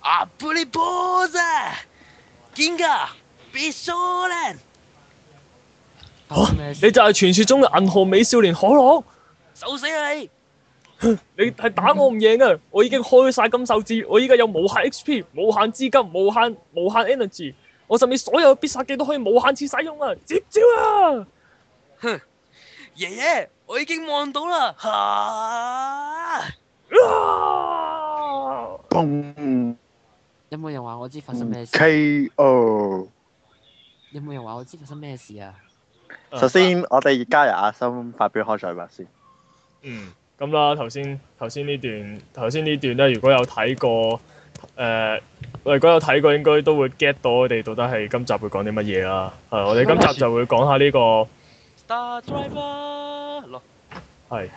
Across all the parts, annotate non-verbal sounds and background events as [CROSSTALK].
阿布利波澤、金哥、美少年，可，你就係傳說中嘅銀河美少年可樂？受 [LAUGHS] 死你！你係打我唔贏啊！我已經開晒金手指，我依家有無限 X P、無限資金、無限無限 energy，我甚至所有必殺技都可以無限次使用啊！接招啊！哼，爺爺，我已經望到啦！啊！ [LAUGHS] 嗯、有冇人話我知發生咩事？K.O. 有冇人話我知發生咩事啊？首先，我哋而家由阿森發表開場白先。嗯，咁啦，頭先頭先呢段頭先呢段咧，如果有睇過誒、呃，如果有睇過，應該都會 get 到我哋到底係今集會講啲乜嘢啦。係，我哋今集就會講下呢、這個、 [LAUGHS] 嗯、Star Driver 係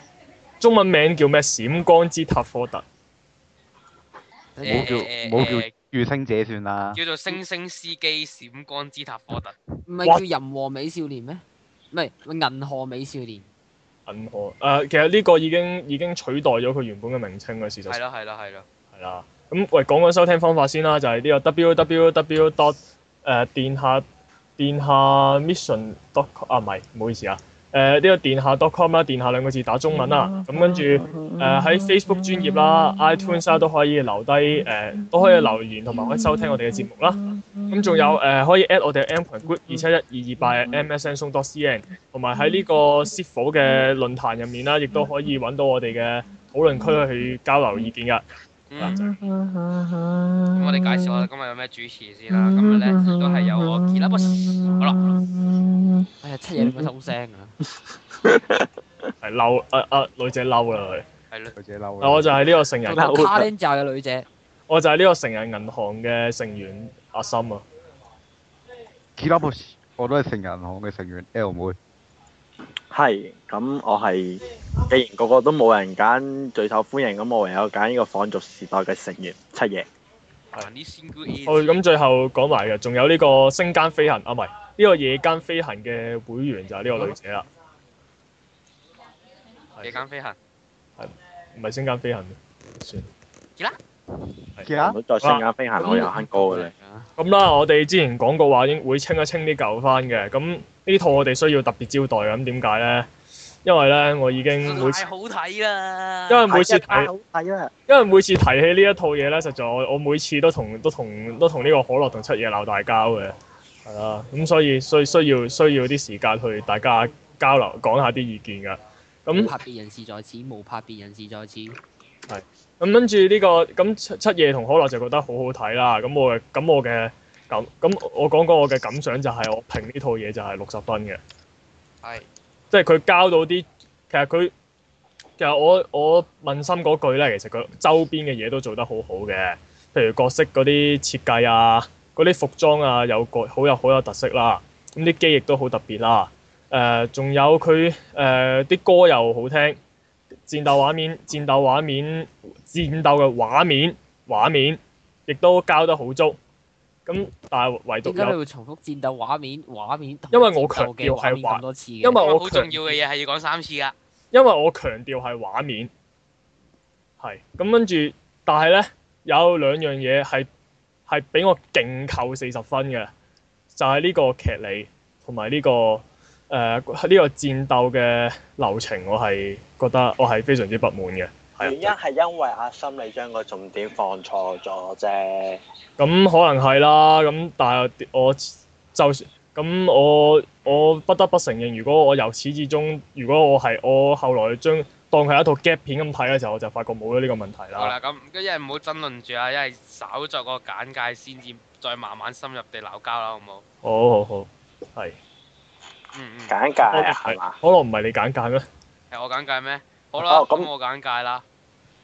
中文名叫咩？閃光之塔科特。冇叫冇叫、欸、叫月、欸欸、星姐算啦，叫做星星司機閃光之塔科特，唔係叫銀河美少年咩？唔係銀河美少年，銀河誒、呃，其實呢個已經已經取代咗佢原本嘅名稱嘅事實。係啦係啦係啦，係啦。咁喂，講講收聽方法先啦，就係、是、呢、這個 www.dot 誒、呃、殿下殿下 mission.dot 啊，唔係，唔好意思啊。誒呢、呃這個電下 dotcom 啦，com，電下兩個字打中文啦，咁跟住誒喺、呃、Facebook 專頁啦、iTunes 啦、啊、都可以留低誒、呃，都可以留言同埋可以收聽我哋嘅節目啦。咁仲有誒、呃、可以 at 我哋嘅 M 群 group 二七一二二八 MSN 送 dotcn，同埋喺呢個 CFO 嘅論壇入面啦，亦都可以揾到我哋嘅討論區去交流意見㗎。咁我哋介紹下今日有咩主持先啦。咁咧都係有我吉拉博士。好啦，哎呀七嘢唔好收聲啊！係嬲啊，啊女仔嬲啦佢。係咯，女仔嬲。我就係呢個成人。係卡林教嘅女仔。我就係呢個成人銀行嘅成員阿心啊。吉拉博士，我都係成人銀行嘅成員 L 妹。係，咁我係，既然個個都冇人揀最受歡迎，咁我唯有揀呢個放逐時代嘅成員七爺。哦，咁最後講埋嘅，仲有呢個星間飛行啊，唔係呢個夜間飛行嘅會員就係呢個女仔啦。夜間飛行。係，唔係星間飛行算。而家？係啊，唔 Yeah. 好再瞬間飛行，我又咁啦，我哋之前講過話應會清一清啲舊翻嘅。咁呢套我哋需要特別招待，咁點解呢？因為呢，我已經每次好睇啦，因為每次睇因為每次提起呢一套嘢呢，實在我，我每次都同都同都同呢個可樂同七爺鬧大交嘅，係啦。咁所，所以需要需要需要啲時間去大家交流講下啲意見噶。咁拍別人事在此，冇拍別人事在此。係、嗯。咁跟住呢個，咁七夜同可樂就覺得好好睇啦。咁我嘅咁我嘅感咁我講講我嘅感想就係我評呢套嘢就係六十噸嘅。係是。即係佢交到啲，其實佢其實我我問心嗰句咧，其實佢周邊嘅嘢都做得好好嘅。譬如角色嗰啲設計啊，嗰啲服裝啊，有個好有好有特色啦。咁啲機翼都好特別啦。誒、呃，仲有佢誒啲歌又好聽，戰鬥畫面、戰鬥畫面、戰鬥嘅畫面、畫面，亦都交得好足。咁但係唯獨有。因為我強調係畫面。因為我好重要嘅嘢係要講三次㗎。因為我強調係畫面。係。咁跟住，但係呢，有兩樣嘢係係俾我勁扣四十分嘅，就係呢個劇嚟，同埋呢個。誒呢、呃這個戰鬥嘅流程，我係覺得我係非常之不滿嘅。原因係因為阿心你將個重點放錯咗啫。咁、嗯、可能係啦，咁、嗯、但係我就算咁、嗯，我我不得不承認，如果我由始至終，如果我係我後來將當係一套 gap 片咁睇嘅時候，我就發覺冇咗呢個問題啦。好啦，咁一係唔好爭論住啦，一係稍作個簡介先至，再慢慢深入地鬧交啦，好唔好，哦？好好好，係。嗯嗯，簡介啊，係嘛？好啦，唔係你簡介咩？係我簡介咩？好啦，咁我簡介啦。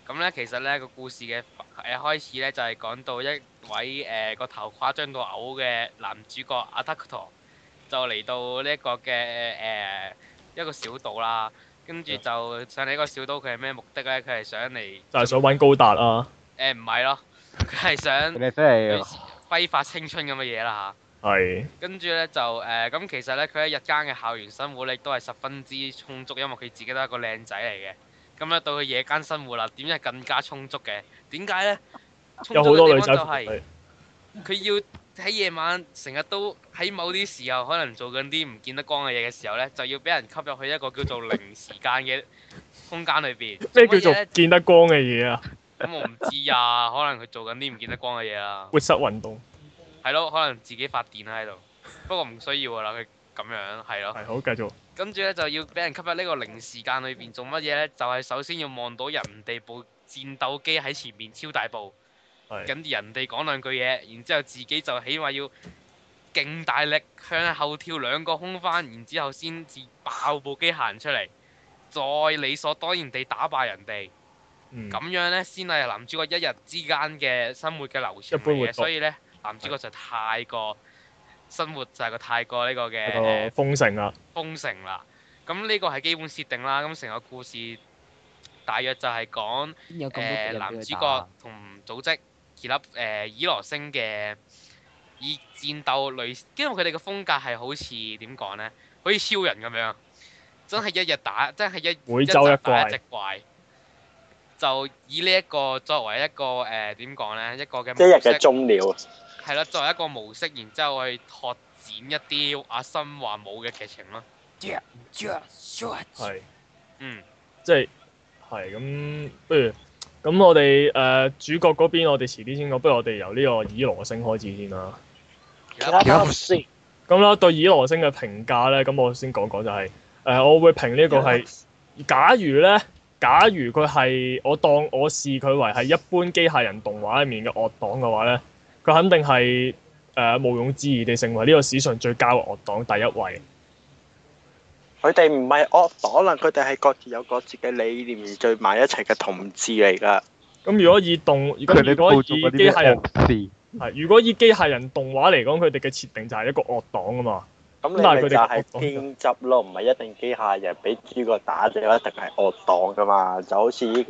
咁咧，其實咧個故事嘅、誒開始咧就係講到一位誒、個頭誇張到嘔嘅男主角阿特克托，就嚟到呢個嘅誒、一個小島啦。跟住就上嚟一個小島，佢係咩目的咧？佢係想嚟就係想搵高達啊。誒，唔係咯，佢係想你即係揮發青春咁嘅嘢啦吓。係。跟住咧就誒，咁其實咧，佢喺日間嘅校園生活咧都係十分之充足，因為佢自己都係一個靚仔嚟嘅。咁咧到佢夜間生活啦，點解更加充足嘅？點解咧？有好多女仔。都係。佢要喺夜晚成日都喺某啲時候，可能做緊啲唔見得光嘅嘢嘅時候咧，就要俾人吸入去一個叫做零時間嘅空間裏邊。咩叫做唔見得光嘅嘢啊？咁我唔知啊，可能佢做緊啲唔見得光嘅嘢啊。會塞運動。係咯，可能自己發電啦喺度。不過唔需要啦，佢咁樣係咯。係好，繼續。跟住咧就要俾人吸入呢個零時間裏邊做乜嘢咧？就係首先要望到人哋部戰鬥機喺前面超大步，咁人哋講兩句嘢，然之後自己就起碼要勁大力向後跳兩個空翻，然之後先至爆部機行出嚟，再理所當然地打敗人哋。嗯。咁樣咧先係男主角一日之間嘅生活嘅流程嚟嘅，所以咧。男主角就太過生活就係個太過呢個嘅封城啦、啊，封城啦。咁呢個係基本設定啦。咁成個故事大約就係講誒、呃、男主角同組織而粒誒爾羅星嘅以戰鬥類，因為佢哋嘅風格係好似點講呢？好似超人咁樣，真係一日打，真係一每週一怪，一怪就以呢一個作為一個誒點講呢？一個嘅一日嘅終了。係啦，作為一個模式，然之後去拓展一啲阿森話冇嘅劇情咯。係是，嗯，即係係咁。不如咁，我哋誒、呃、主角嗰邊，我哋遲啲先講。不如我哋由呢個以羅星開始先啦。咁啦，對以羅星嘅評價咧，咁我先講講就係、是、誒、呃，我會評呢個係假如咧，假如佢係我當我視佢為係一般機械人動畫裡面嘅惡黨嘅話咧。佢肯定係誒，毋庸置疑地成為呢個史上最佳嘅惡黨第一位。佢哋唔係惡黨啦，佢哋係各自有各自嘅理念而聚埋一齊嘅同志嚟噶。咁如果以動，如果以機械人，係，如果以機械人，人動畫嚟講，佢哋嘅設定就係一個惡黨啊嘛。咁佢哋就係偏執咯，唔係一定機械人俾主角打就一定係惡黨噶嘛？就好似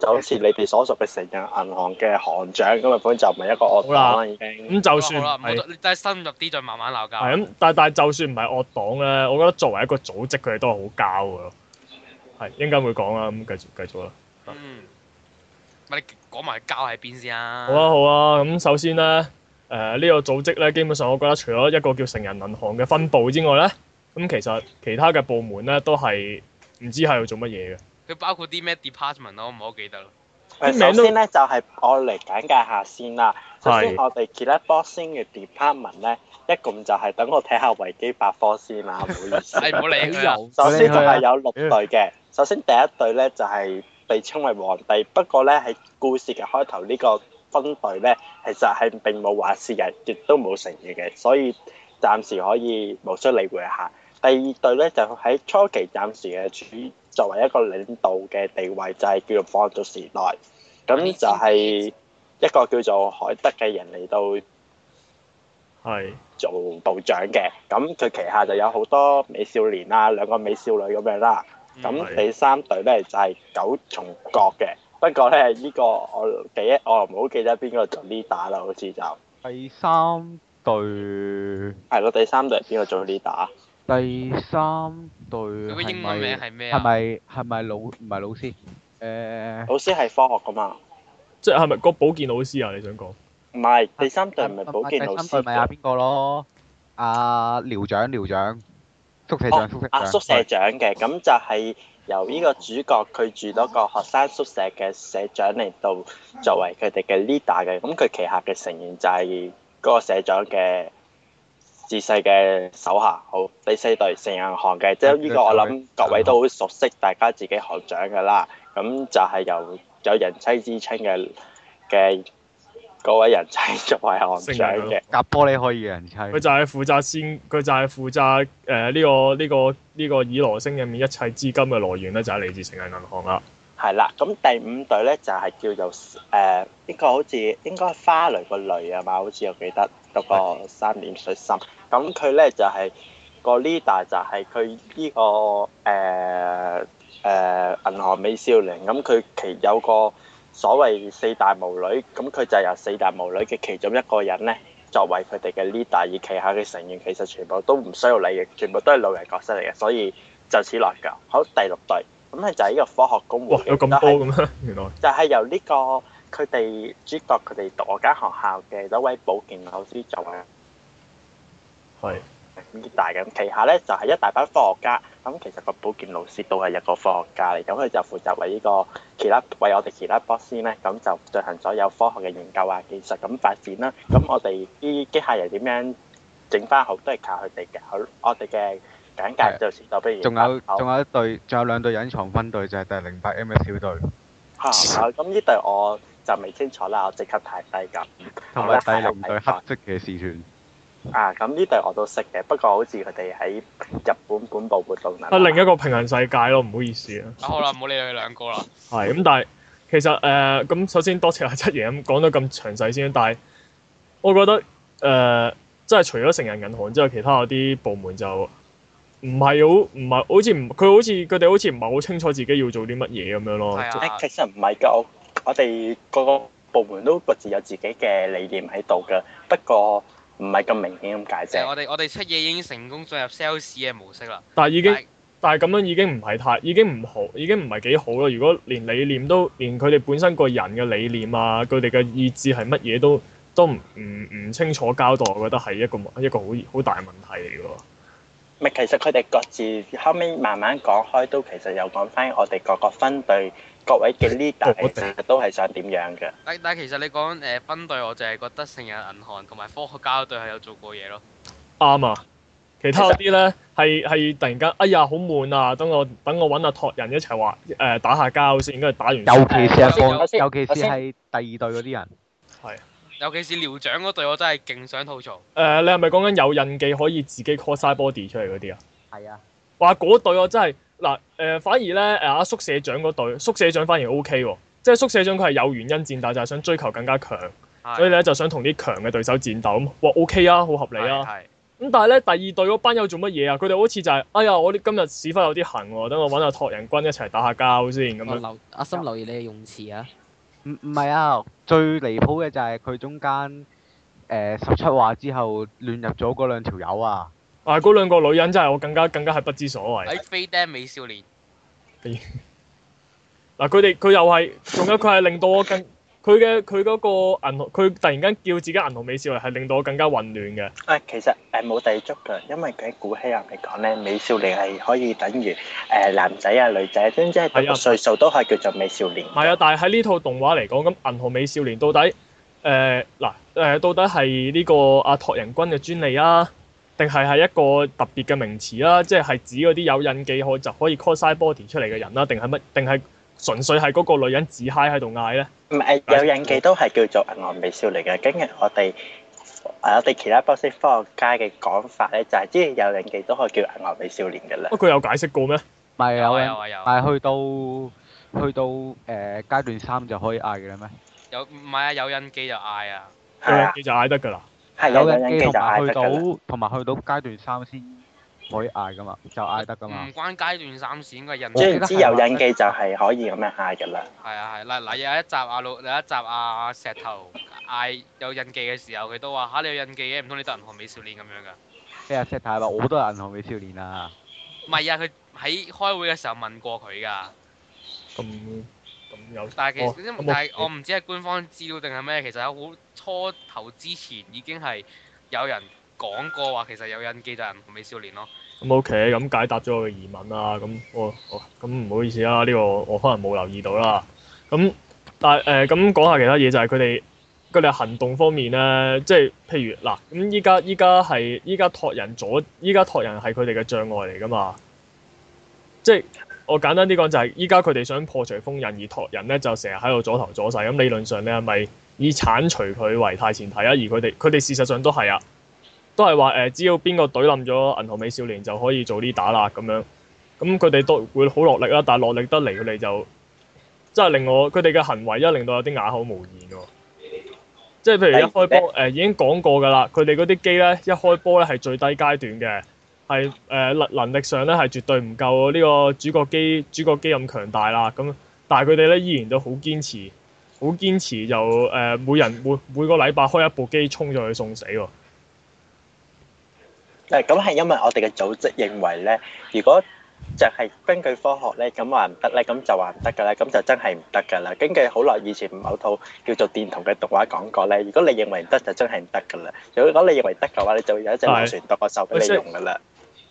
就好似你哋所屬嘅成間銀行嘅行長咁樣，本來就唔係一個惡黨啦。已經咁就算，但係深入啲再慢慢鬧交。係咁，但係就算唔係惡黨咧，我覺得作為一個組織，佢哋都係好交嘅。係應該會講啦，咁繼續繼續啦。嗯，咪、嗯、你講埋交喺邊先啊？好啊好啊，咁首先咧。誒呢、呃，這個組織咧，基本上我覺得除咗一個叫成人銀行嘅分部之外咧，咁、嗯、其實其他嘅部門咧都係唔知喺度做乜嘢嘅。佢包括啲咩 department 咯？唔好記得咯、呃。首先咧就係、是、我嚟簡介下先啦。首先我哋其他 boxing 嘅 department 咧，是一共就係、是、等我睇下維基百科先啦，唔好意思、 [LAUGHS] [LAUGHS] 啊。係冇理由。首先就係有六隊嘅。 [LAUGHS] 首先第一隊咧就係、是、被稱為皇帝，不過咧喺故事嘅開頭呢、這個。分隊咧，其實係並冇話事人，亦都冇成員嘅，所以暫時可以無需理會下。第二隊咧就喺初期暫時嘅處作為一個領導嘅地位，就係、是、叫做放逐時代。咁就係一個叫做海德嘅人嚟到係做道長嘅。咁佢旗下就有好多美少年啊，兩個美少女咁樣啦、啊。咁第三隊咧就係、是、九重國嘅。不過咧呢個我第一，我唔好記得邊個做 leader 啦，好似就第三隊係咯，第三隊係邊個做 leader？第三隊佢嘅英文名係咩啊？係咪係咪老唔係老師？誒，老師係科學噶嘛？即係咪個保健老師啊？你想講唔係第三隊係咪保健老師？第三隊咪阿邊個咯？阿寮長，寮長宿舍長，宿舍長嘅咁就係。由呢個主角佢住嗰個學生宿舍嘅社長嚟到作為佢哋嘅 leader 嘅，咁佢旗下嘅成員就係嗰個社長嘅自細嘅手下，好第四隊成日行嘅，即係呢個我諗各位都好熟悉，大家自己學長㗎喇，咁就係由有人妻之稱嘅嘅。各位人妻作係行長嘅，夾玻璃可以人妻。佢就係負責先，佢就係負責誒呢、呃這個呢、這個呢、這個以羅星入面一切資金嘅來源咧，就係嚟自成人銀行啦。係啦，咁第五隊咧就係、是、叫做誒呢、呃這個好似應該花蕾個雷啊嘛，好似我記得嗰、那個三點水心。咁佢咧就係、是、個 leader 就係佢呢個誒誒、呃呃、銀行美少年。咁佢其有個。所謂四大巫女，咁佢就由四大巫女嘅其中一個人咧，作為佢哋嘅 leader，而旗下嘅成員其實全部都唔需要理嘅，全部都係老人角色嚟嘅，所以就此落臼。好，第六隊，咁係就係一個科學公會，有咁多，是 [LAUGHS] 原來來 就係由呢、這個佢哋主角佢哋讀我間學校嘅一位保健老師做嘅，係 l 是大 a 咁，旗下咧就係、是、一大班科學家。咁其實個保健老師都係一個科學家嚟，咁佢就負責為呢個其他為我哋其他博士咧，咁就進行所有科學嘅研究啊、技術咁發展啦。咁我哋啲機械人點樣整翻好，都係靠佢哋嘅。好，我哋嘅簡介就時多不如。仲 [LAUGHS] 有仲有一隊，仲有兩隊隱藏分隊，就係、是、第零八 MS 小隊。嚇！咁呢隊我就未清楚啦，我即刻睇低咁。同埋第零隊黑色騎士團。啊，咁呢對我都識嘅，不過好似佢哋喺日本本部活動啊，另一個平行世界咯，唔好意思啊。好啦，唔好理佢哋兩個啦。係咁、 [LAUGHS] 嗯，但係其實誒咁，呃、首先多謝阿、啊、七爺咁講到咁詳細先。但係我覺得誒，即、呃、係除咗成人銀行之外，其他嗰啲部門就唔係好唔係好似唔佢好似佢哋好似唔係好清楚自己要做啲乜嘢咁樣咯。 [LAUGHS] 其實唔係㗎，我哋個個部門都各自有自己嘅理念喺度㗎，不過。唔係咁明顯咁解釋。我哋我哋出嘢已經成功進入 sales 嘅模式啦。但係已經，但係咁樣已經唔係太，已經唔好，已經唔係幾好啦。如果連理念都，連佢哋本身個人嘅理念啊，佢哋嘅意志係乜嘢都都唔唔唔清楚交代，我覺得係一個一個好好大問題嚟㗎。唔，其實佢哋各自後尾慢慢講開，都其實有講翻我哋各個分隊。各位嘅 leader 其實都係想點樣嘅？但但其實你講誒分隊，我就係覺得成日銀行同埋科學家嗰隊係有做過嘢咯。啱啊，其他嗰啲咧係係突然間，哎呀好悶啊！等我等我揾阿托人一齊話誒打下交先，應該係打完。尤其是尤其是係第二隊嗰啲人，係尤其是寮長嗰隊，我真係勁想吐槽。誒，你係咪講緊有印記可以自己 call 晒 body 出嚟嗰啲啊？係啊，話嗰隊我真係～嗱，誒、呃、反而咧，誒阿宿舍長嗰隊宿舍長反而 O K 喎，即係宿舍長佢係有原因戰鬥，但就係、是、想追求更加強，的所以咧就想同啲強嘅對手戰鬥。咁哇 O、OK、K 啊，好合理啊。咁的、嗯、但係咧第二隊嗰班友做乜嘢啊？佢哋好似就係、是，哎呀，我啲今日屎忽有啲痕喎、啊，等我搵下託人軍一齊打下交先咁樣。阿留，阿心留意你嘅用詞啊。唔唔係啊，最離譜嘅就係佢中間誒十七話之後亂入咗嗰兩條友啊。啊！嗰兩個女人真係我更加更加係不知所謂。非飛美少年。嗱，佢哋佢又係，仲有佢係令到我更佢嘅佢嗰個銀河，佢突然間叫自己銀河美少年係令到我更加混亂嘅。誒其實誒冇地足嘅，因為佢喺古希臘嚟講咧，美少年係可以等於誒男仔啊女仔，即係到歲數都係叫做美少年。係啊呀，但係喺呢套動畫嚟講，咁銀河美少年到底誒嗱誒到底係呢、這個阿拓人君嘅專利啊？定係係一個特別嘅名詞啦、啊，即係指嗰啲有印記可就可以 cos body 出嚟嘅人啦、啊，定係乜？定係純粹係嗰個女人自嗨喺度嗌咧？唔係有印記都係叫做銀牙美少年嘅。今日我哋我哋其他博士科學家嘅講法咧，就係之前有印記都可以叫銀牙美少年嘅啦。不過有解釋過咩？咪有、啊、有、啊。有啊有啊、但咪去到去到誒、呃、階段三就可以嗌嘅啦咩？有唔係啊？有印記就嗌啊！啊有印記就嗌得㗎啦～係有印記就去到，同埋去到階段三先可以嗌噶嘛，就嗌得噶嘛。唔關階段三線嘅印，即係知有印記就係可以咁樣嗌噶啦。係啊係，嗱嗱有一集啊老，有一集啊石頭嗌有印記嘅時候，佢都話吓你有印記嘅，唔通你得銀行美少年咁樣㗎？咩啊石太話我都係銀行美少年啊！唔係啊，佢喺開會嘅時候問過佢㗎。咁。嗯、但係其實因、哦嗯、但係我唔知係官方資料定係咩，其實喺好初頭之前已經係有人講過話，其實有隱機智人，記載人美少年咯。咁、嗯、OK，咁、嗯、解答咗我嘅疑問啦。咁、嗯、我，咁、哦、唔、嗯嗯、好意思啦，呢、呢個我可能冇留意到啦。咁、嗯、但係誒，咁、呃嗯、講下其他嘢就係佢哋，佢哋行動方面咧，即係譬如嗱，咁依家依家係依家托人阻，依家托人係佢哋嘅障礙嚟㗎嘛，即係。我簡單啲講就係，依家佢哋想破除封印而托人咧，就成日喺度阻頭阻勢。咁理論上你係咪以剷除佢為大前提啊？而佢哋佢哋事實上都係啊，都係話誒，只要邊個懟冧咗銀河美少年就可以做 leader 啦咁樣。咁佢哋都會好落力啦，但係落力得嚟佢哋就真係令我佢哋嘅行為一令到有啲啞口無言喎。即係譬如一開波誒、呃、已經講過㗎啦，佢哋嗰啲機咧一開波咧係最低階段嘅。係誒，能能力上咧，係絕對唔夠呢個主角機主角機咁強大啦咁，但係佢哋咧，依然都好堅持，好堅持就誒，每人每每個禮拜開一部機衝咗去送死喎。誒咁係因為我哋嘅組織認為咧，如果就係根據科學咧，咁話唔得咧，咁就話唔得㗎咧，咁就真係唔得㗎啦。根據好耐以前某套叫做電童嘅動畫講過咧，如果你認為唔得就真係唔得㗎啦。如果你認為得嘅話，你就有一隻木船獨角獸畀你用㗎啦。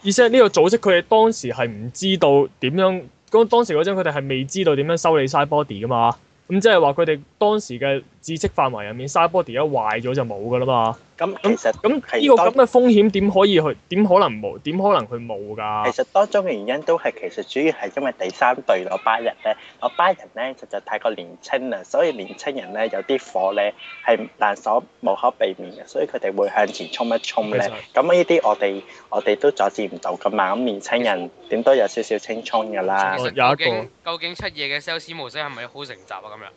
而且呢個組織佢哋當時係唔知道點樣，嗰當時嗰陣佢哋係未知道點樣修理 side body 㗎嘛，咁即係話佢哋當時嘅。知識範圍入面，沙波迪一壞咗就冇噶啦嘛。咁咁咁呢個咁嘅多風險點可以去？點可能冇？點可能佢冇㗎？其實當中嘅原因都係，其實主要係因為第三隊攞班人咧，攞班人咧實在太過年青啦，所以年青人咧有啲火咧係難所無可避免嘅，所以佢哋會向前衝一衝咧。咁呢啲我哋我哋都阻止唔到噶嘛。咁年青人點都有少少青春㗎啦實、嗯。有一個究竟，究竟出夜嘅 sales 模式係咪好成集啊？咁樣？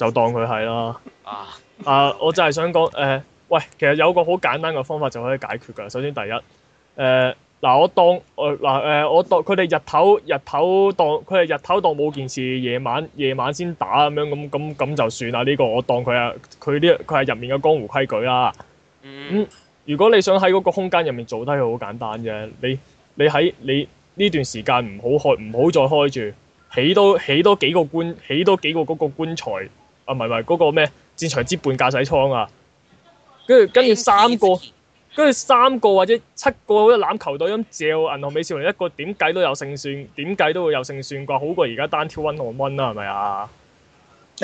就當佢係啦啊！啊，我就係想講誒、呃、喂，其實有個好簡單嘅方法就可以解決㗎。首先第一誒嗱、呃，我當誒嗱誒我當佢哋日頭日頭當佢哋日頭當冇件事，夜晚夜晚先打咁樣咁咁咁就算啦。呢、呢個我當佢啊，佢呢佢係入面嘅江湖規矩啦。嗯，如果你想喺嗰個空間入面做低佢，好簡單嘅。你你喺你呢段時間唔好開，唔好再開住起多起多幾個棺，起多幾個嗰個棺材。啊，唔係，唔係嗰個咩戰場之畔駕駛艙啊，著跟住跟住三個，跟住三個或者七個好似欖球隊咁，召銀行美少女一個點計都有勝算，點計都會有勝算啩，好過而家單挑 one on one 啦，係咪啊？是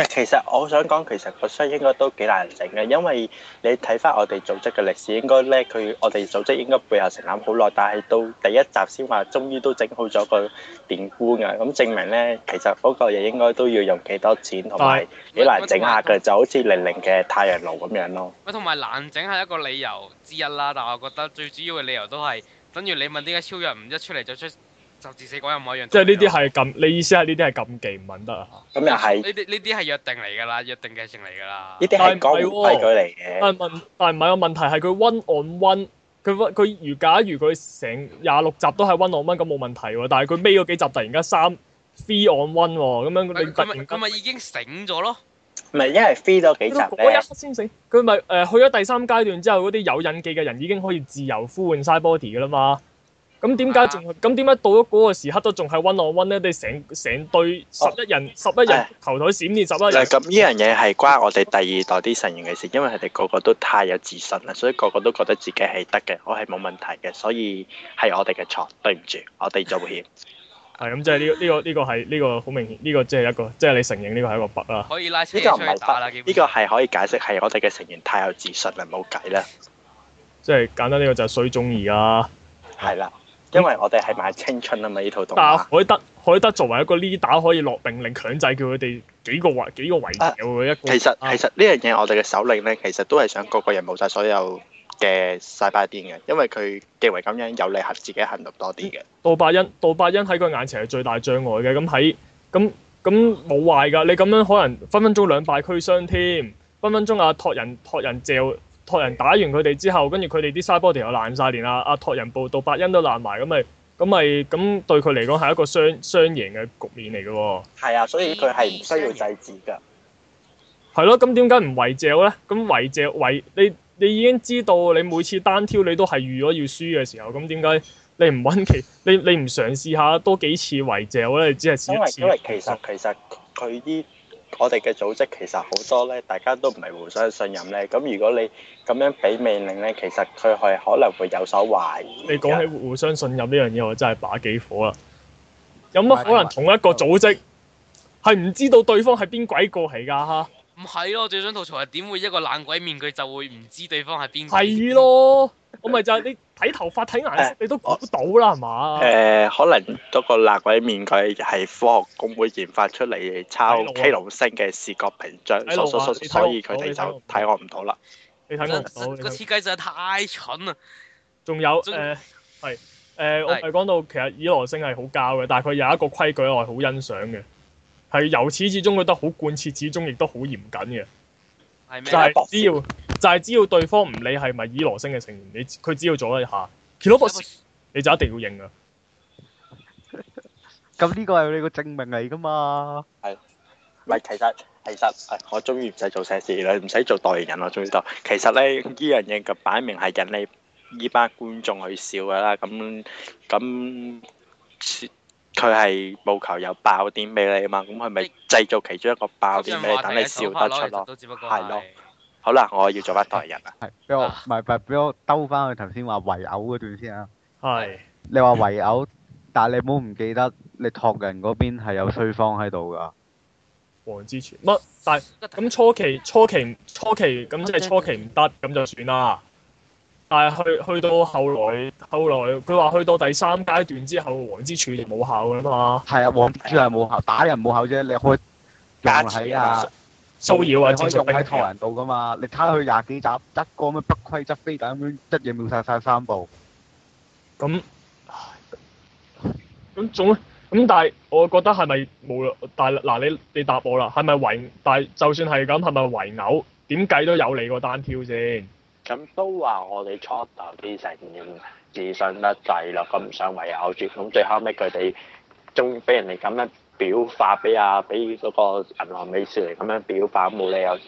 其實我想講，其實個箱應該都幾難整嘅，因為你睇翻我哋組織嘅歷史，應該咧佢我哋組織應該背後成立好耐，但係到第一集先話終於都整好咗個典棺啊，咁證明咧其實嗰個嘢應該都要用幾多錢同埋幾難整下嘅，就好似零零嘅太陽爐咁樣咯。同埋難整係一個理由之一啦，但我覺得最主要嘅理由都係等於你問點解超人唔一出嚟，就出。十字死鬼又唔可以，即係呢啲係咁。你意思係呢啲係禁忌唔問得啊？咁又係呢啲呢啲係約定嚟噶啦，約定嘅事嚟噶啦。呢啲係佢嚟嘅。但係問，但係唔係啊？是是啊問題係佢 one on one，佢佢如假如佢成廿六集都係 one on one 咁冇問題喎，但係佢尾嗰幾集突然間三 three on one 咁樣，你突然間咪咪已經醒咗咯？咪因為飛咗幾集咧？嗰一刻先醒，佢咪誒去咗第三階段之後，嗰啲有印記嘅人已經可以自由呼喚晒 body 噶啦嘛？咁點解仲咁點解到咗嗰個時刻都仲係温我温咧？你成成隊十一人，十一人球隊閃電十一人。係咁，呢樣嘢係關我哋第二代啲成員嘅事，因為佢哋個個都太有自信啦，所以個個都覺得自己係得嘅，我係冇問題嘅，所以係我哋嘅錯，對唔住，我哋做賠。係咁，即係呢個呢個呢個係呢個好明顯，呢個即係一個即係你承認呢個係一個弊啦。可以拉出嚟出嚟打啦，呢個係可以解釋係我哋嘅成員太有自信啦，冇計啦。即係簡單，呢個就係衰中二啦。係啦。因為我哋係賣青春啊嘛，呢、啊、套動畫。但海德，海德作為一個 leader，可以落命令強制叫佢哋幾個維幾個維、啊、其實其實呢樣嘢我哋嘅首領咧，其實都係想個個人冇晒所有嘅細巴癲嘅，因為佢認為咁樣有利合自己行動多啲嘅、嗯。杜伯恩杜伯恩喺佢眼前係最大障礙嘅，咁喺咁咁冇壞㗎。你咁樣可能分分鐘兩敗俱傷添，分分鐘阿、啊、托人托人掉。托人打完佢哋之後，跟住佢哋啲 body 又爛晒，連啊阿托人報道八恩都爛埋，咁咪咁咪咁對佢嚟講係一個雙雙贏嘅局面嚟嘅喎。係、 [NOISE] 嗯、啊，所以佢係唔需要制止㗎。係咯，咁點解唔圍剿咧？咁圍剿圍你你已經知道，你每次單挑你都係預咗要輸嘅時候，咁點解你唔搵其你你唔嘗試下多幾次圍剿咧？只係試一次。因為因為其實說其實佢啲。我哋嘅組織其實好多咧，大家都唔係互相信任咧。咁如果你咁樣俾命令咧，其實佢係可能會有所懷疑。你講起互相信任呢樣嘢，我真係把幾火啦！有乜可能同一個組織係唔知道對方係邊鬼個嚟㗎？哈！唔係咯，最想吐槽係點會一個爛鬼面具就會唔知對方係邊個？係咯，我咪就係你睇頭髮睇顏色，欸、你都估到啦，係嘛、哦？誒吧，可能嗰個爛鬼面具係科學公會研發出嚟抄 K 隆星嘅視覺屏障，所以佢哋就睇我唔到啦。你睇唔到，個設計實在太蠢啦！仲有誒係誒，我係講到其實爾羅星係好膠嘅，但係佢有一個規矩我係好欣賞嘅。係由始至終覺得好貫徹，始，始終亦都好嚴謹嘅。就係只要，就係只要對方唔理係咪以羅星嘅成員，你佢只要做咗一下，喬布麼你就一定要認啊！咁呢 [LAUGHS] 個係你個證明嚟噶嘛？係。唔 [NOISE] 其實其實誒，我終於唔使做寫事，啦，唔使做代言人，我終於都其實咧，呢樣嘢就擺明係引你依班觀眾去笑噶啦。咁咁。佢係務求有爆點俾你嘛，咁佢咪製造其中一個爆點俾你，等你笑得出咯。都只不過係咯，好啦，我要做一代人啊。俾我唔係，俾我兜翻去頭先話圍毆嗰段先啊。係是。你話圍毆，但係你唔好唔記得，你托人嗰邊係有衰方喺度㗎。黃之泉乜？但係咁初期初期初期咁即係初期唔得，咁就算啦。但係去去到後來，後來佢話去到第三階段之後，黃之柱就冇效噶啦嘛。係啊，黃之柱係冇效，打人冇效啫。你可以用喺啊騷擾啊，可以用喺唐人道噶嘛。嗯、你睇下佢廿幾集，一個咩不規則飛彈咁樣，一嘢秒殺曬三部。咁咁、嗯、總咁、嗯，但係我覺得係咪冇？但嗱，你你答我啦，係咪圍？但係就算係咁，係咪圍毆？點計都有你個單挑先。咁都話我哋初頭啲成員自信得滯咯，咁想為口住，咁最後尾佢哋仲俾人哋咁樣表法，俾啊俾嗰個銀行美少嚟咁樣表法，冇理由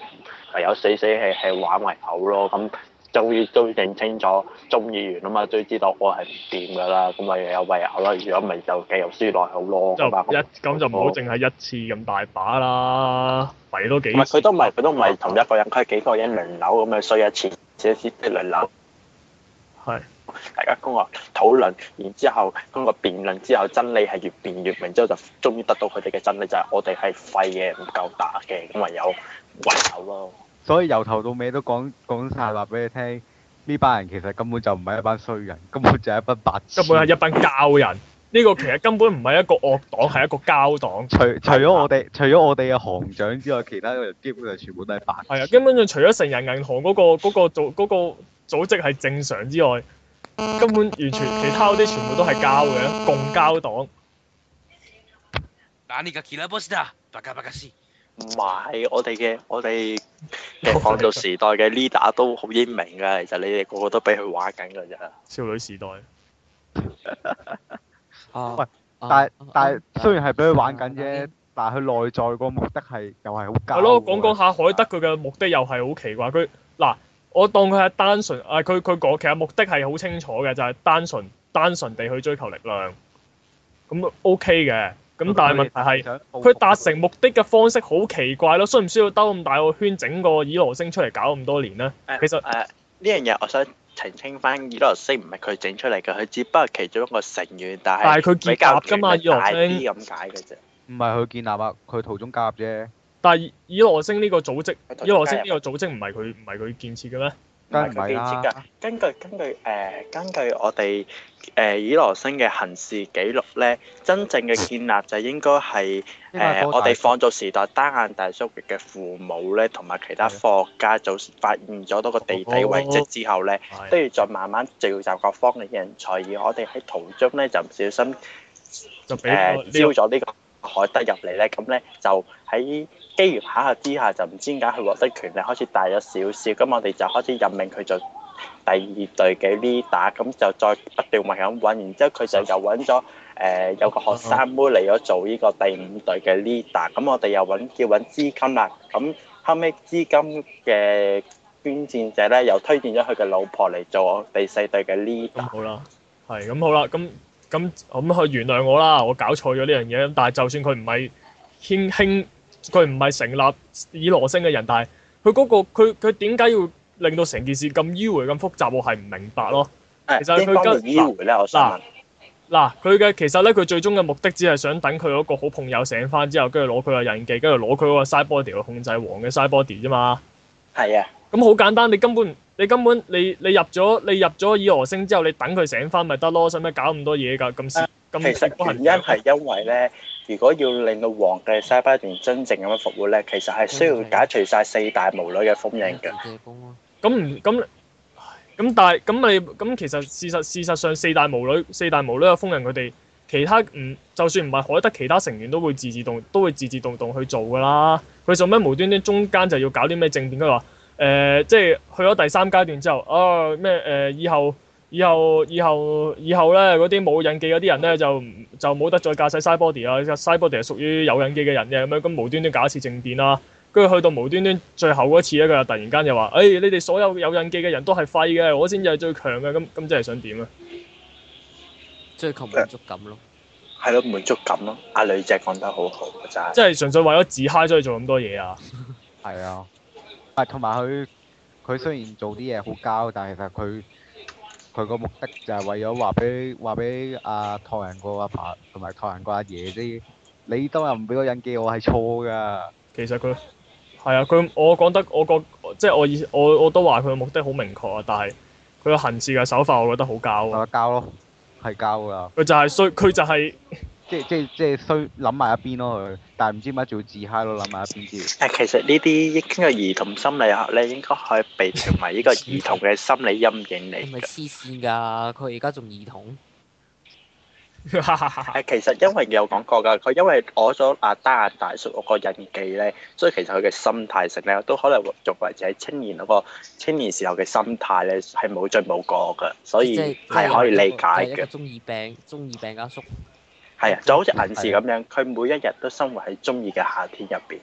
唯有死死氣係玩為口咯。咁終於終於認清楚中議員啊嘛，終於知道我係唔掂㗎啦，咁咪有為口咯。如果咪就繼續輸落去咯。就一咁、嗯、就唔好淨係一次咁大把啦，圍都幾，佢都唔係佢都唔係同一個人，佢係幾個人輪流咁樣衰一次。寫寫嚟諗，係大家通過討論，然之後通過辯論之後，真理係越辯越明，之後就終於得到佢哋嘅真理就係、是、我哋係廢嘅，唔夠打嘅，咁咪有怪手咯。所以由頭到尾都講講晒話俾你聽，呢班人其實根本就唔係一班衰人，根本就係一班白痴，根本係一班教人。呢個其實根本唔係一個惡黨，係一個膠黨。除除咗我哋，除咗我哋嘅行長之外，其他基本上全部都係白。係啊，根本上除咗成人銀行嗰個嗰個組嗰個組織係正常之外，根本完全其他嗰啲全部都係膠嘅，共膠黨。打你嘅 leader boss。唔係，我哋嘅我哋嘅放時代嘅 leader 都好英明㗎，其實你哋個個都俾佢玩緊㗎啫。少女時代。 [LAUGHS] 啊！但係但係雖然係俾佢玩緊啫，但係佢內在個目的係又係好奸。係咯，講講 [NOISE] 下海德佢嘅目的又係好奇怪。佢嗱，我當佢係單純，啊，佢佢講其實目的係好清楚嘅，就係、是、單純單純地去追求力量。咁 OK 嘅，咁但係問題係，佢達成目的嘅方式好奇怪咯，需唔需要兜咁大個圈，整個以羅星出嚟搞咁多年呢？其實誒呢樣嘢，啊啊、我想。澄清翻，以羅星唔係佢整出嚟嘅，佢只不過其中一個成員。但係，但係佢建立㗎嘛，以羅星咁解嘅啫。唔係佢建立啊，佢途中加入啫。但係以羅星呢個組織，以羅星呢個組織唔係佢唔係佢建設嘅咩？唔係唔，根據根據誒、呃、根據我哋誒以羅星嘅行事記錄咧，真正嘅建立就應該係誒、呃、我哋放咗時代單眼大叔嘅父母咧，同埋其他科學家組發現咗多個地底遺跡之後咧，的都要再慢慢召集各方嘅人才，而我哋喺途中咧就唔小心誒招咗呢個海德入嚟咧，咁咧就喺。機緣巧合之下，就唔知點解佢獲得權力開始大咗少少，咁我哋就開始任命佢做第二隊嘅 leader，咁就再不斷咁揾，然之後佢就又揾咗誒有個學生妹嚟咗做呢個第五隊嘅 leader，咁我哋又揾叫揾資金啦，咁後尾資金嘅捐贈者咧又推薦咗佢嘅老婆嚟做我第四隊嘅 leader、嗯。好啦，係咁、嗯、好啦，咁咁咁佢原諒我啦，我搞錯咗呢樣嘢，但係就算佢唔係輕輕。輕佢唔係成立以羅星嘅人，但係佢嗰個佢佢點解要令到成件事咁迂迴咁複雜？我係唔明白咯。其實佢咁迂迴咧，嗱嗱佢嘅其實咧，佢最終嘅目的只係想等佢嗰個好朋友醒翻之後，跟住攞佢個印記，跟住攞佢嗰個 side body 去控制王嘅 side body 啫嘛。係啊，咁好簡單，你根本你根本你你入咗你入咗以羅星之後，你等佢醒翻咪得咯，使咩搞咁多嘢噶？咁時咁時不恆。其實原因係因為咧。如果要令到皇帝嘅西巴牙隊真正咁樣復活咧，其實係需要解除晒四大巫女嘅封印㗎。咁唔咁咁，但係咁你咁其實事實事實上四大巫女四大巫女嘅封印，佢哋其他唔就算唔係海德，其他成員都會自自動都會自自動動去做㗎啦。佢做咩無端端中間就要搞啲咩政變嗰度？誒、呃，即係去咗第三階段之後，啊咩誒以後。以後、以後、以後咧，嗰啲冇印記嗰啲人咧就，就冇得再駕駛 Cybody 啊，Cybody 係屬於有印記嘅人嘅，咁樣，咁無端端搞一次政變啦，跟住去到無端端最後嗰一次咧，佢又突然間又話，誒、欸，你哋所有有印記嘅人都係廢嘅，我先至係最強嘅。咁咁真係想點啊？即係求滿足感咯，係咯，滿足感咯。阿女仔講得好好，就係即係純粹為咗自嗨先去做咁多嘢啊！係 [LAUGHS] 啊，啊同埋佢佢雖然做啲嘢好膠，但係其實佢。佢個目的就係為咗話俾話俾阿唐人個阿爸同埋唐人個阿爺啲，你當日唔俾我引見我係錯㗎。其實佢係啊，佢我講得我覺即係我以我我都話佢個目的好明確啊，但係佢個行事嘅手法我覺得好教。係教咯，係教㗎。佢就係、是、衰，佢就係、是、即即即衰諗埋一邊咯，佢。但唔知點解就會自嗨咯，諗下邊啲？誒，其實呢啲應該兒童心理學咧，應該可以被同埋呢個兒童嘅心理陰影嚟嘅。黐線㗎，佢而家仲兒童。誒，其實因為你有講過㗎，佢因為攞咗阿丹阿大叔嗰個印記咧，所以其實佢嘅心態上咧都可能仲維持喺青年嗰個青年時候嘅心態咧，係冇進步過嘅，所以係可以理解嘅。一個中二病，中二病阿叔。係啊、 [NOISE] 嗯，就好似銀時咁樣，佢的每一日都生活喺中意嘅夏天入邊。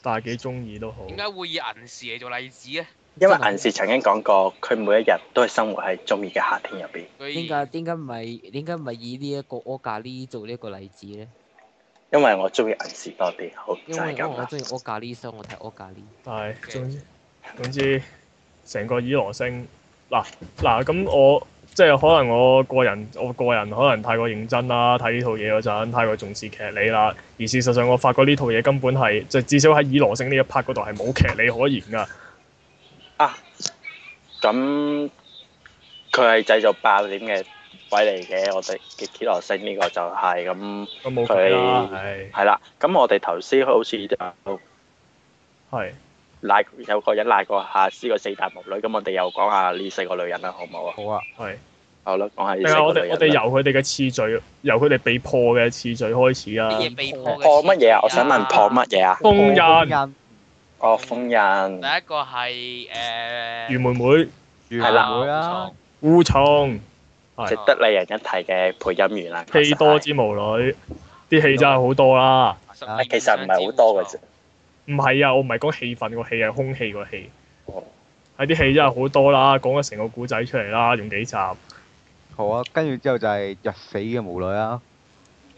但係幾中意都好。點解會以銀時嚟做例子咧？因為銀時曾經講過，佢每一日都係生活喺中意嘅夏天入邊。點解，點解唔係，點解唔係以呢、這、一個 Ogali 做呢一個例子咧？因為我中意銀時多啲，好就係咁我中意 Ogali，所以我睇 Ogali，喔。係但。Okay. 總之，總之，成個伊羅星～嗱、啊、嗱，咁、啊啊啊、我。即係可能我個人，我個人可能太過認真啦，睇呢套嘢嗰陣太過重視劇理啦。而事實上，我發覺呢套嘢根本係，即至少喺以羅星呢一 part 嗰度係冇劇理可言噶。啊，咁佢係製作爆點嘅位嚟嘅，我哋嘅鐵羅星呢個就係、是、咁。都冇計啦，係。係啦，咁它是我哋頭先好似就係。拉有個人拉個下，撕個四大魔女，咁我哋又講下呢四個女人啦，好唔好啊？好啊，係。好啦，講下呢四個女人。但係我哋我哋由佢哋嘅次序，由佢哋被破嘅次序開始啊。啲嘢被破嘅次序。破乜嘢啊？我想問破乜嘢啊？封印。哦，封印。第一個係誒魚妹妹，係啦。烏蟲，值得令人一提嘅配音員啦。戲多之魔女，啲戲真係好多啦。其實唔係好多嘅啫。唔係啊，我唔係講氣氛個氣，係空氣個氣。哦。喺啲戲真係好多啦，講咗成個古仔出嚟啦，用幾集。好啊，跟住之後就係日死嘅巫女啊。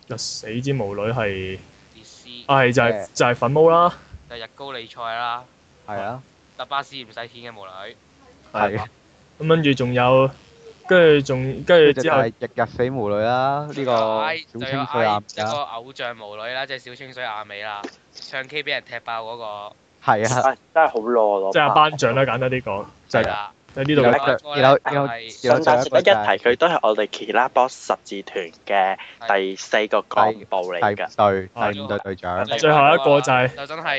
日死之巫女係。啊係意思、哎，就係、是、是就係粉毛啦。就日高利菜啦。係啊。搭巴士唔使錢嘅巫女。係是。咁跟住仲有。跟住仲跟住之後係日日死無女啦，呢個小清水偶像無女啦，即係小清水亞美啦，唱 K 俾人踢爆嗰個係啊，真係好裸裸。即係班長啦，簡單啲講就係呢度。有有值得一提，佢都係我哋其他波十字團嘅第四個幹部嚟嘅，隊第五隊隊長。最後一個就係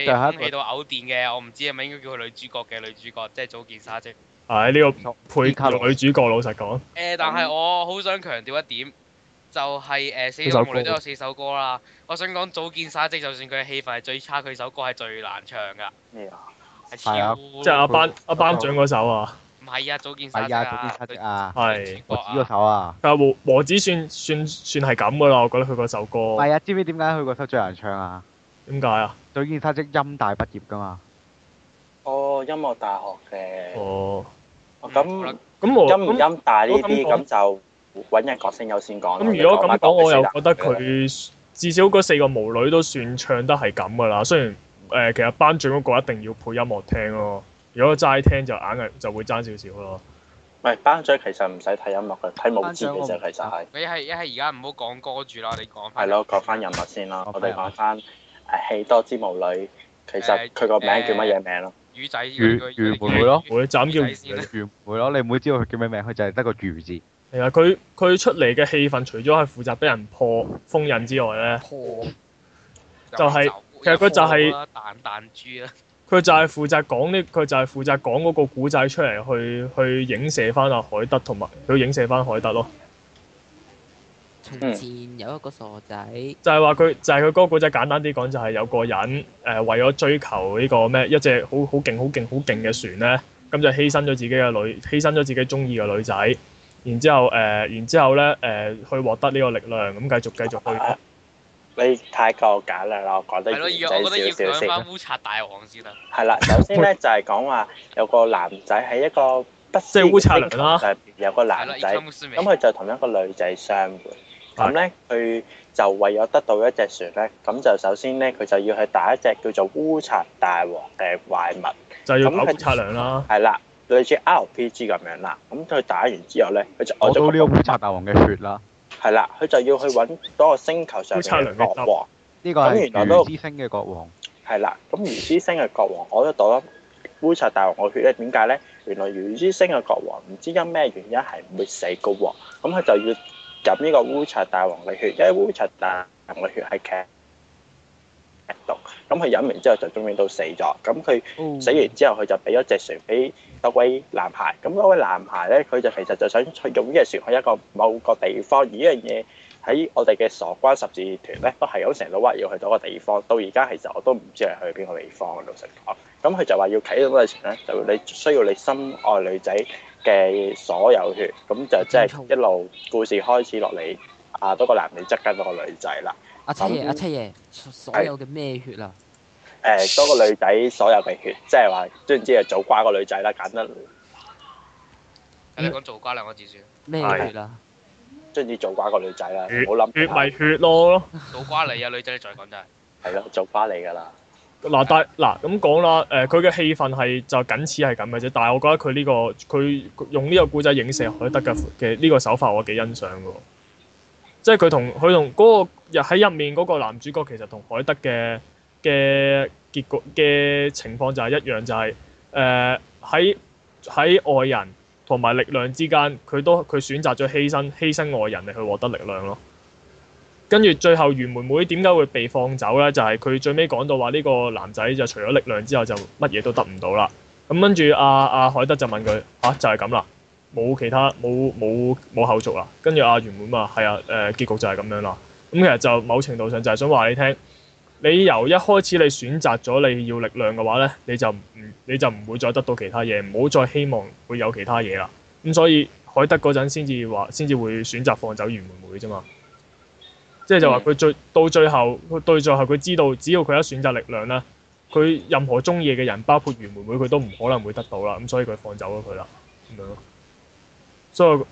最後一個，俾到偶電嘅，我唔知係咪應該叫佢女主角嘅女主角，即係早見沙織。係呢、啊這個配角女主角，老實講。誒、嗯，但係我好想強調一點，就係誒四部裏都有四首歌啦。歌我想講早見沙織，就算佢嘅戲份係最差，佢首歌係最難唱噶。咩啊、哎呀？係超。即係阿班配阿班長嗰首啊？唔係啊，早見沙織、啊啊，早見沙織啊。係對。我指嗰首啊。但係和，和，和子算算算係咁噶啦，我覺得佢嗰首歌。係啊，知唔知點解佢嗰首最難唱啊？點解啊？早見沙織音大畢業噶嘛？音樂大學嘅，哦，咁咁我音大呢啲咁就揾一個聲音優先講。咁如果咁講，我又覺得佢至少嗰四個舞女都算唱得係咁噶啦。雖然誒，其實頒獎嗰個一定要配音樂聽咯。如果齋聽就硬係就會爭少少咯。唔頒獎其實唔使睇音樂嘅，睇舞姿其實係你係你係而家唔好講歌住啦，你講係咯，講翻人物先啦。我哋講翻誒戲多之舞女，其實佢個名叫乜嘢名咯？魚仔，魚魚會咯，就咁叫魚字咧，魚會咯，你唔會知道佢叫咩名，佢就係得個魚字。係啊，佢佢出嚟嘅戲份，除咗係負責俾人破封印之外咧，破就係，其實佢就係彈彈珠啦。佢就係負責講呢，佢就係負責講嗰個古仔出嚟，去去影射翻阿海德，同埋佢影射翻海德咯。前有一個傻仔，就係話佢就係佢嗰個古仔，簡單啲講就係有個人誒、呃、為咗追求呢個咩一隻好好勁好勁好勁嘅船咧，咁就犧牲咗自己嘅女，犧牲咗自己中意嘅女仔，然之後誒、呃、然之後咧誒、呃、去獲得呢個力量咁繼續繼續去。啊、你太過簡略啦，講得要仔少少先。係咯，我覺得要講翻烏賊大王先啦。係啦，首先咧就係講話有個男仔喺一個不識烏賊人啦、啊，有個男仔咁佢就同一個女仔相會。咁咧，佢就為咗得到一隻船咧，咁就首先咧，佢就要去打一隻叫做烏賊大王嘅怪物，咁佢測量啦，係啦，類似 RPG 咁樣啦。咁佢打完之後咧，佢就攞咗呢個烏賊大王嘅血啦。係啦，佢就要去揾多個星球上嘅國王，呢個是魚之星嘅國王。係啦，咁魚之星嘅國王攞得到烏賊大王嘅血咧，點解咧？原來魚之星嘅國王唔知因咩原因係唔會死嘅喎，咁佢就要。飲呢個烏茶大王嘅血，因為烏茶大王嘅血係劇劇毒，咁佢飲完之後就終於都死咗。咁佢死完之後，佢就俾咗隻船俾嗰位男孩。咁嗰位男孩咧，佢就其實就想去用呢隻船去一個某個地方。而呢樣嘢喺我哋嘅傻瓜十字團咧，都係有成老屈要去到一個地方。到而家其實我都唔知係去邊個地方，老實講。咁佢就話要啟動呢隻船咧，就需你需要你心愛女仔嘅所有血，咁就即係一路故事開始落嚟，啊多個男嘅側緊個女仔啦，阿、啊、七爺，阿那、啊、七爺，所有嘅咩血啊？誒、哎，多個女仔所有嘅血，即係話，總之係做瓜個女仔啦，簡單。你講做瓜啦，兩個字算咩血啦？總之做瓜個女仔啦，唔好諗。血咪血咯， [LAUGHS] 做瓜你啊，女仔你再講就係。係咯，做瓜你噶啦。嗱，但嗱咁講啦，誒佢嘅氣氛係就僅此係咁嘅啫。但係我覺得佢呢個佢用呢個故仔影射海德嘅嘅呢個手法，我幾欣賞嘅。即係佢同佢同嗰個入喺入面嗰個男主角，其實同海德嘅嘅結局嘅情況就係一樣，就係誒喺喺愛人同埋力量之間，佢都佢選擇咗犧牲犧牲愛人嚟去獲得力量咯。跟住最後袁妹妹點解會被放走呢？就係、是、佢最尾講到話呢個男仔就除咗力量之後就乜嘢都得唔到啦。咁跟住阿阿海德就問佢吓、啊，就係咁啦，冇其他冇冇冇後續啦。跟住阿、啊、袁妹嘛，係啊誒、呃、結局就係咁樣啦。咁、嗯、其實就某程度上就係想話你聽，你由一開始你選擇咗你要力量嘅話呢，你就唔你就唔會再得到其他嘢，唔好再希望會有其他嘢啦。咁、嗯、所以海德嗰陣先至話先至會選擇放走袁妹妹啫嘛。即係就話佢最到最後，佢到最後佢知道，只要佢一選擇力量啦，佢任何中意嘅人，包括袁妹妹，佢都唔可能會得到啦。咁所以佢放走咗佢啦，咁樣咯。所以我，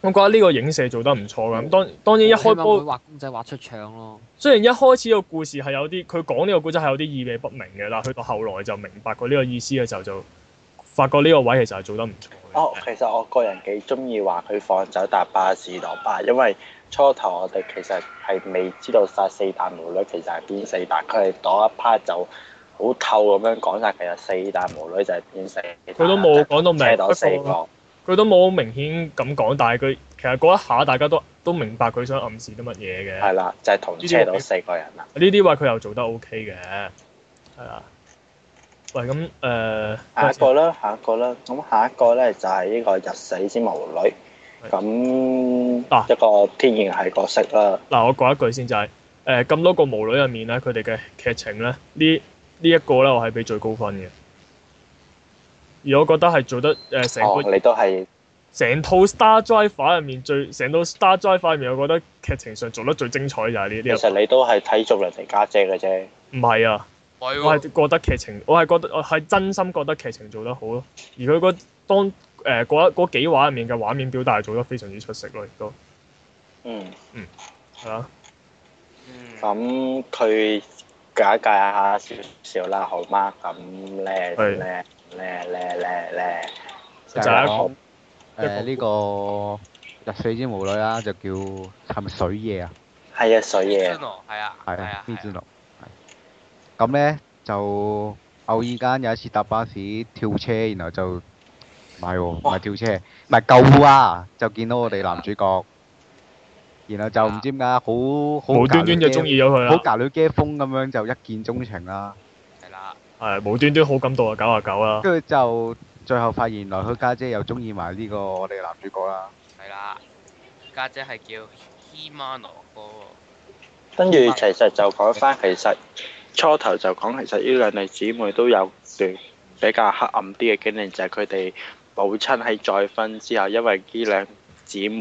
我覺得呢個影射做得唔錯㗎。咁當當然一開波畫公仔、就係、畫出場咯。雖然一開始個故事係有啲，佢講呢個故仔係有啲意味不明嘅啦。去到後來就明白佢呢個意思嘅時候，就發覺呢個位其實係做得唔錯。哦，其實我個人幾中意話佢放走搭巴士落巴，因為初頭我哋其實係未知道晒四大魔女其實係邊四大，佢係嗰一 part 就好透咁樣講晒。其實四大魔女就係邊四？佢都冇講到明，車到四個，佢都冇明顯咁講，但係佢其實嗰一下大家都都明白佢想暗示啲乜嘢嘅。係啦，就係、是、同車到四個人啦。呢啲話佢又做得 OK 嘅。係啊，喂，咁誒、呃，下一個啦，下一個啦，咁下一個咧就係呢個日死之魔女。咁嗱，一個天然系角色啦。嗱、啊，我講一句先就係，誒、呃、咁多個巫女入面咧，佢哋嘅劇情咧，呢呢一個咧，我係俾最高分嘅。而我覺得係做得誒成、呃、個、哦，你都係成套 Star Driver 入面最成套 Star Driver 入面，我覺得劇情上做得最精彩就係呢啲。其實你都係睇做人哋家姐嘅啫。唔係啊，哦、我係覺得劇情，我係覺得我係真心覺得劇情做得好咯。而佢、嗰個當。誒嗰一幾畫入面嘅畫面表達係做得非常之出色咯，亦都。嗯嗯，係啊、嗯。咁佢解一解下少少啦，好嗎？咁咧咧咧咧咧，就係誒呢個日四之舞女啦，就叫係咪水嘢啊？係啊，水嘢。」B 站咯，係啊。係啊咁咧、啊、就偶爾間有一次搭巴士跳車，然後就。係喎，唔係跳車，唔係救啊，就見到我哋男主角，然後就唔知點解好好無端端就中意咗佢啦，好隔女驚風咁樣就一見鍾情啦，係啦，係無端端好感動啊九啊九啦，跟住就最後發現原來佢家姐又中意埋呢個我哋男主角啦，係啦，家姐係叫希瑪羅哥，跟住其實就講返，其實初頭就講其實呢兩對姊妹都有段比較黑暗啲嘅經歷，就係佢哋。母親喺再婚之後，因為呢兩姊妹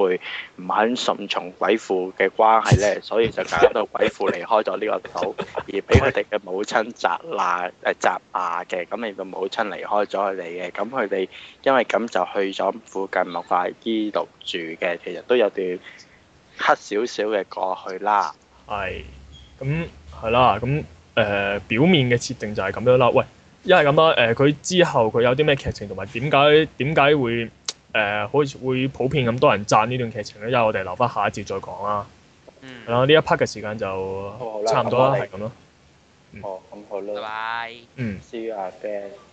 唔肯順從鬼父嘅關係呢 [LAUGHS] 所以就搞到鬼父離開咗呢個島，而俾佢哋嘅母親責罵誒責、呃、罵嘅，咁令到母親離開咗佢哋嘅，咁佢哋因為咁就去咗附近木塊依度住嘅，其實都有段黑少少嘅過去啦。係、哎，咁係啦，咁誒、呃、表面嘅設定就係咁樣啦。喂。因係咁啦，誒佢、呃、之後佢有啲咩劇情同埋點解點解會誒、呃，好會普遍咁多人讚呢段劇情咧？因為我哋留翻下，下一節再講啦。嗯，係啦、嗯，呢一 part 嘅時間就差唔多啦，係咁咯。好，咁好啦吧，拜拜、哦。嗯，See you a